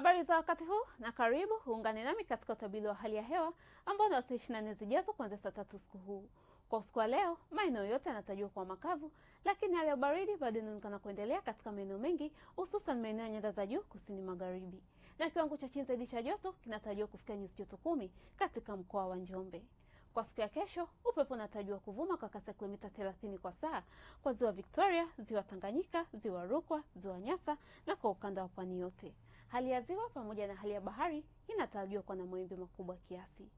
Habari za wakati huu na karibu huungane nami katika utabiri wa hali ya hewa ambao ni wa saa 24 zijazo kuanzia saa tatu usiku huu. Kwa usiku wa leo, maeneo yote yanatarajiwa kuwa makavu, lakini hali ya baridi bado inaonekana kuendelea katika maeneo mengi, hususan maeneo ya nyanda za juu kusini magharibi, na kiwango cha chini zaidi cha joto kinatarajiwa kufikia nyuzi joto kumi katika mkoa wa Njombe. Kwa siku ya kesho, upepo unatarajiwa kuvuma kwa kasi ya kilomita 30 kwa saa kwa ziwa Victoria, ziwa Tanganyika, ziwa Rukwa, ziwa Nyasa na kwa ukanda wa pwani yote. Hali ya ziwa pamoja na hali ya bahari inatarajiwa kuwa na mawimbi makubwa kiasi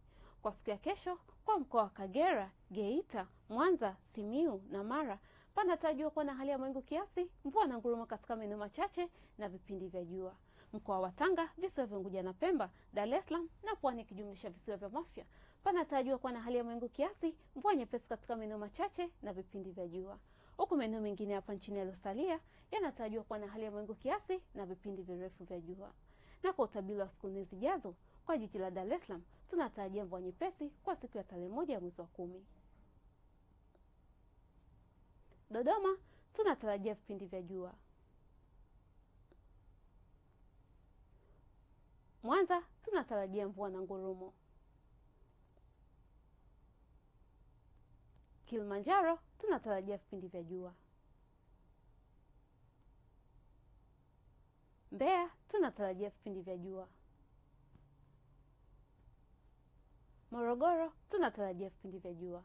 kwa siku ya kesho. Kwa mkoa wa Kagera, Geita, Mwanza, Simiu na Mara panatarajiwa kuwa na hali ya mawingu kiasi, mvua na ngurumo katika maeneo machache na vipindi vya jua. Mkoa wa Tanga, visiwa vya Unguja na Pemba, Dar es Salaam na Pwani ikijumlisha visiwa vya Mafia panatarajiwa kuwa na hali ya mawingu kiasi, mvua nyepesi katika maeneo machache na vipindi vya jua, huku maeneo mengine hapa nchini yaliyosalia yanatarajiwa kuwa na hali ya mawingu kiasi na vipindi virefu vya jua. Na kwa utabiri wa siku nne zijazo, kwa jiji la Dar es Salaam tunatarajia mvua nyepesi kwa siku ya tarehe moja ya mwezi wa kumi. Dodoma tunatarajia vipindi vya jua. Mwanza tunatarajia mvua na ngurumo. Kilimanjaro tunatarajia vipindi vya jua. Mbeya tunatarajia vipindi vya jua. Morogoro tunatarajia vipindi vya jua.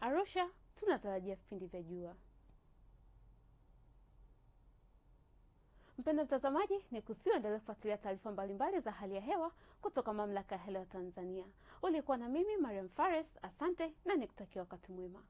Arusha tunatarajia vipindi vya jua. Mpendwa mtazamaji, ni kusihi endelee kufuatilia taarifa mbalimbali za hali ya hewa kutoka Mamlaka ya Hewa Tanzania. Ulikuwa na mimi Mariam Phares, asante na nikutakia wakati mwema.